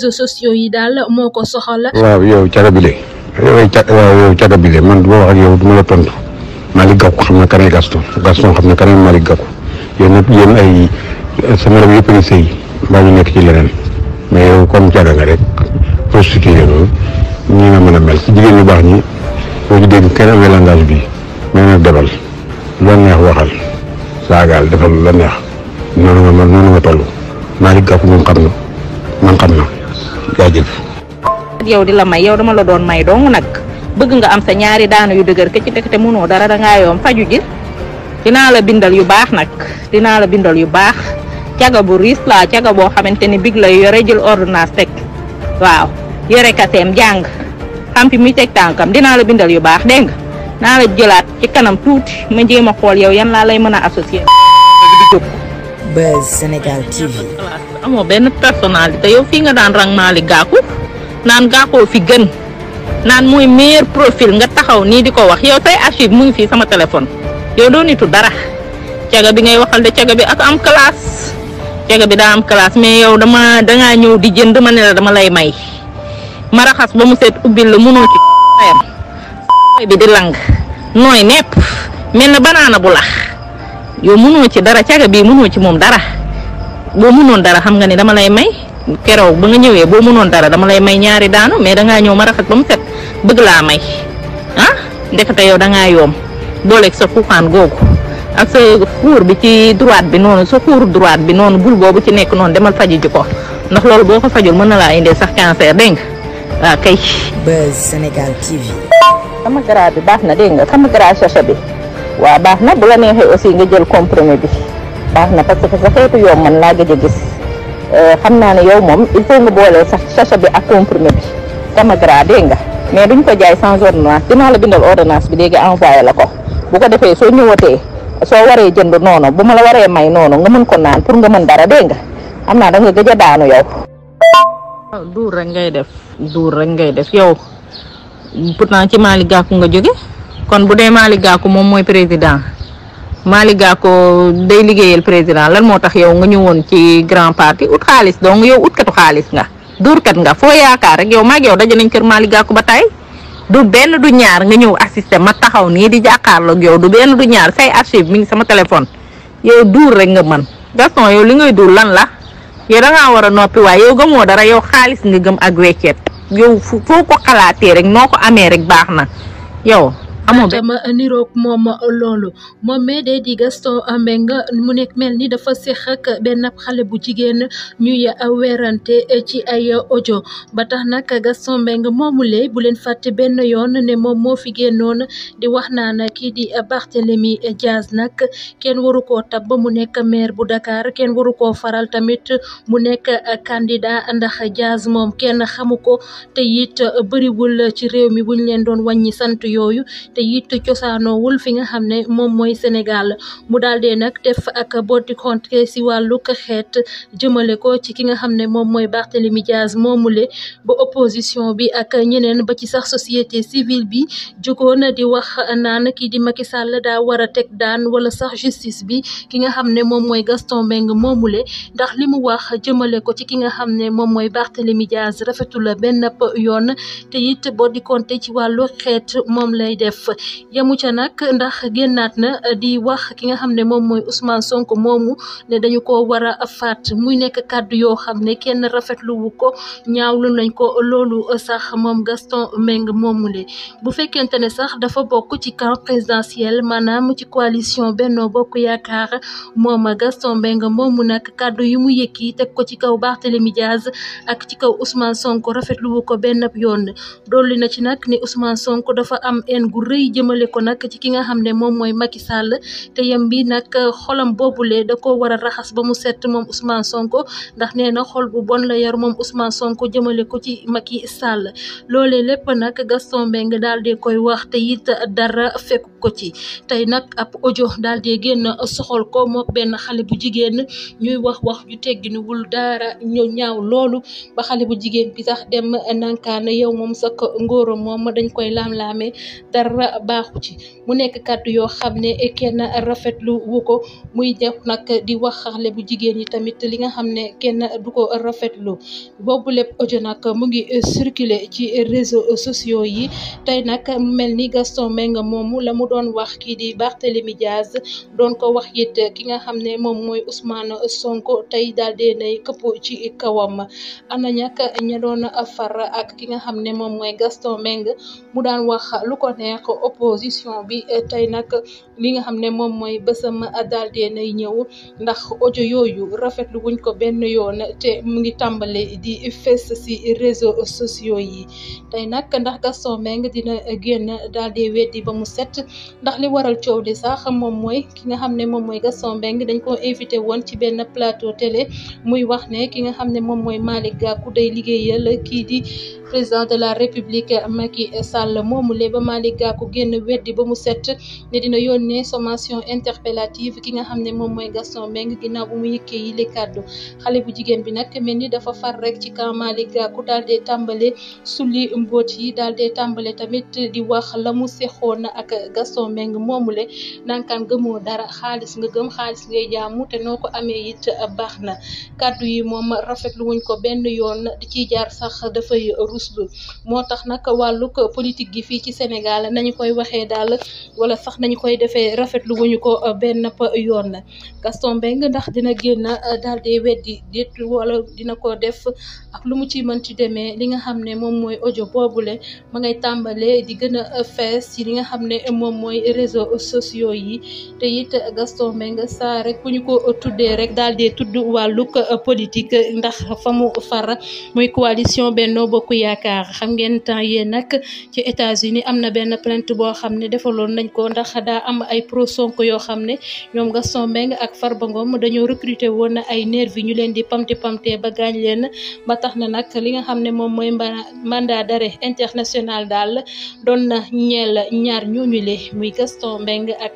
réseaux sociaux yi daal moo ko soxal. waaw yow Thiaka Bile yow Thiaka waaw yow Thiaka man du ma wax ak yow du ma la tontu Malick Gakou xam na kanay Gaston Gaston xam na kanay Malick Gakou yéen ñëpp ay sama yëpp a ngi sëy mbaa ci leneen mais yow comme Thiaka nga rek prostitué loolu ñi mën a mel jigéen ñu baax ñi boo ci dégg kenn bi mais nag debal loo neex waxal defal la neex noonu nga noonu nga toll Malick Gakou moom xam na man xam na. jaajëf yow di la may yow dama la ya doon may dong nak. bëgg nga am sa ñaari daanu yu dëgër ke ci dëkk te mënoo dara da nga yoom ya, faju ji dina la bindal yu baax nak dina la bindal yu baax ciaga bu ris la ciaga bo xamanteni big la yore ya, jël ordonnance tek waaw yore kaseem jang xam fi mi tek tankam dina la bindal yu baax dégg na la jëlat ci kanam tuuti ma jema xol yow yan la lay mëna associer Buzz Senegal TV. Amo ben personnalité yow fi nga dan rang Mali gaku nan gaku fi gën nan muy meilleur profil nga taxaw ni di wax yow tay archive muy fi sama téléphone yow doo nitu dara ciaga bi ngay waxal de ciaga bi ak am classe ciaga bi da am classe mais yow dama nga ñew di jënd ma ne la dama lay may ma raxas ba mu seet ubil lu munoo ci ayam bi di lang noy nepp melna banana bu lax yow mënoo ci dara caga bii mënoo ci moom dara boo mënoon dara xam nga ni dama lay may keroog ba nga ñëwee boo mënoon dara dama lay may ñaari daanu mais dangaa ñëw ma rafet ba mu set bëgg laa may ah ndekete yow dangaa yoom booleeg sa xuuxaan googu ak sa xuur bi ci droite bi noonu sa xuur droite bi noonu bul boobu ci nekk noonu demal faji ji ko ndax loolu boo ko fajul mën na laa indee sax cancer dégg nga waaw ah, kay. Buzz Sénégal bi baax na dégg nga sama garab bi. wa baxna bu la neexee aussi nga jël compromis bi baxna parce que sa xeetu yow man la gëjë gis euh xamna né yow mom il faut nga bolé sax sachet bi ak compromis bi sama gradé nga mais duñ ko jaay sans ordonnance dina la bindal ordonnance bi léegi envoyé la ko bu ko défé so ñëwatee so waré jënd nono bu ma la waré may nono nga mën ko naan pour nga mën dara dégg nga da nga gëjë daanu yow. duur rek ngay def duur rek ngay def yow pourtant ci mali Gakou nga joggé kon bu dé Malick Gakou moom mooy président Malick Gakou day liggéeyal président lan motax yow nga ñëwoon ci grand parti ut xaliss donc yow katu xaliss nga kat nga fo yaakar rek yow maag yow dajé nañ kër Malick Gakou ba tay du ben du ñaar nga ñëw assister ma taxaw nii di ak yow du ben du ñaar say archive mi sama téléphone yow dur rek nga man Gaston yow li ngay dur lan la yow da nga wara nopi way yow gëmo dara yow xaliss nga gëm ak wéccet yow yo. xalaté rek noko amé rek baxna yow amoo benn dama niroog moom loolu moom mais day di Gaston Mbengue mu nekk mel ni dafa seq benn xale bu jigéen ñuy werante ci ay audio ba tax nak Gaston Mbengue moomulee bu leen fàtte benn yoon ne moom moo fi génnoon di wax naan kii di Barthélemy Diaz nag kenn waru koo tab mu nekk maire bu Dakar kenn waru koo faral tamit mu nekk candidat ndax Diaz moom kenn xamu ko te it bëriwul ci réew mi buñ leen doon wàññi sant yooyu. te it wul fi nga xam ne moom Sénégal mu daal dee nag def ak botti contre si wàllu xeet jëmale ko ci ki nga xam ne moom mooy Diaz moomule ba opposition bi ak ñeneen ba ci sax société civile bi jógoon di wax naan kii di Macky Sall daa war a daan wala sax justice bi ki nga xam ne moom Gaston meng moomule ndax li mu wax jëmale ko ci ki nga xam ne moom mooy Diaz rafetul benn yoon te it boo di ci wàllu xeet moom lay def def yamu ca nag ndax génnaat na eh, di wax ki nga xam ne moom mooy Ousmane Sonko moomu ne dañu ko war a faat muy nekk kàddu yoo xam ne kenn rafetluwu ko lu nañ ko loolu eh, sax moom Gaston Mbengue moomu le bu fekkente ne sax dafa bokk ci camp présidentiel maanaam ci coalition Benno Bokk Yaakaar moom Gaston Mbengue moomu nag kàddu yu mu yëkki teg ko ci kaw Barthélémy Diaz ak ci kaw Ousmane Sonko rafetluwu ko benn yoon dolli na ci nag ne Ousmane Sonko dafa am en gu rëy jëmale ko nag ci ki nga xam ne moom mooy Macky Sall te yem bi nag xolam boobule da ko war a raxas ba mu set moom Ousmane Sonko ndax ne na xol bu bon la yor moom Ousmane Sonko jëmale ko ci i Sall loole lépp nak Gaston Mbengue daal di koy wax te it dara fekk ko ci tey nag ab audio daal di génn soxol ko mook benn xale bu jigéen ñuy wax wax ju tegginuwul dara ñu ñaaw loolu ba xale bu jigéen bi sax dem nankaan yow moom sa ngóoro moom dañ koy laam dara baaxu ci mu nekk kàddu yoo xam ne kenn rafetlu wu ko muy def nag di wax xale bu jigéen yi tamit li nga xam ne kenn du ko rafetlu boobu lépp ojo nag mu ngi circuler ci réseaux sociaux yi tey nag mel ni Gaston Mbengue moom la mu doon wax kii di Barthélémy Diaz doon ko wax it ki nga xam ne moom mooy Ousmane Sonko tey daal dee nay këpp ci kawam ana ñàkk ña doon far ak ki nga xam ne moom mooy Gaston Mbengue mu daan wax lu ko neex opposition bi eh, tey nag li nga xam ne moom mooy bésam daal di nay ñëw ndax audio yooyu rafetlu wuñ ko benn yoon te mu ngi tàmbale di fes si réseaux sociaux yi tey nag ndax Gaston Mbengue dina génn daal di weddi ba mu set ndax li waral coow li sax moom mooy ki nga xam ne moom mooy Gaston Mbengue dañ ko invité woon ci benn plateau télé muy wax ne ki nga xam ne moom mooy Malick Gakou day liggéeyal kii di. président de la république Macky Sall moomule ba Malick Gakou génn weddi ba mu set ne dina yónnee sommation interpellative ki nga xam ne moom mooy Gaston Mbengue ginnaaw bu mu yëkkee yi xale bu jigéen bi nag mel ni dafa far rek ci camp Malick Gakou daal dee tàmbale sulli mbóot yi daal de tàmbale tamit di wax la mu sexoon na ak Gaston Mbengue moomule nankaan gëmoo dara xaalis nga gëm xaalis ngay jaamu te noo ko amee it baax na kaddu yi moom rafetlu wuñ ko benn yoon ci jaar sax dafay uslu moo tax nag wàllug politique gi fii ci Sénégal nañu koy waxee daal wala sax nañu koy defee rafetlu wuñu ko uh, benn yoon la Gaston Mbengue ndax dina génn uh, daal di weddi dit wala dina ko def ak lu mu ci mën ci demee li nga xam ne moom mooy audio boobule ma ngay tàmbalee di gën a uh, fees ci li nga xam ne moom mooy réseaux sociaux yi te it Gaston Mbengue saa rek ku ñu ko tuddee rek daal di tudd wàllug politique ndax fa mu muy coalition Benno Bokk yaakaar xam ngeen temps yee nag ci États-Unis am na benn plainte boo xam ne defaloon nañ ko ndax daa am ay pro Sonko yoo xam ne ñoom Gaston Mbengue ak Farba Ngom dañoo recruter woon ay nervi ñu leen di pamti pamte ba gaañ leen ba tax na nag li nga xam ne moom mooy mandat d'arrêt international daal doon na ñeel ñaar ñooñu muy Gaston Mbengue ak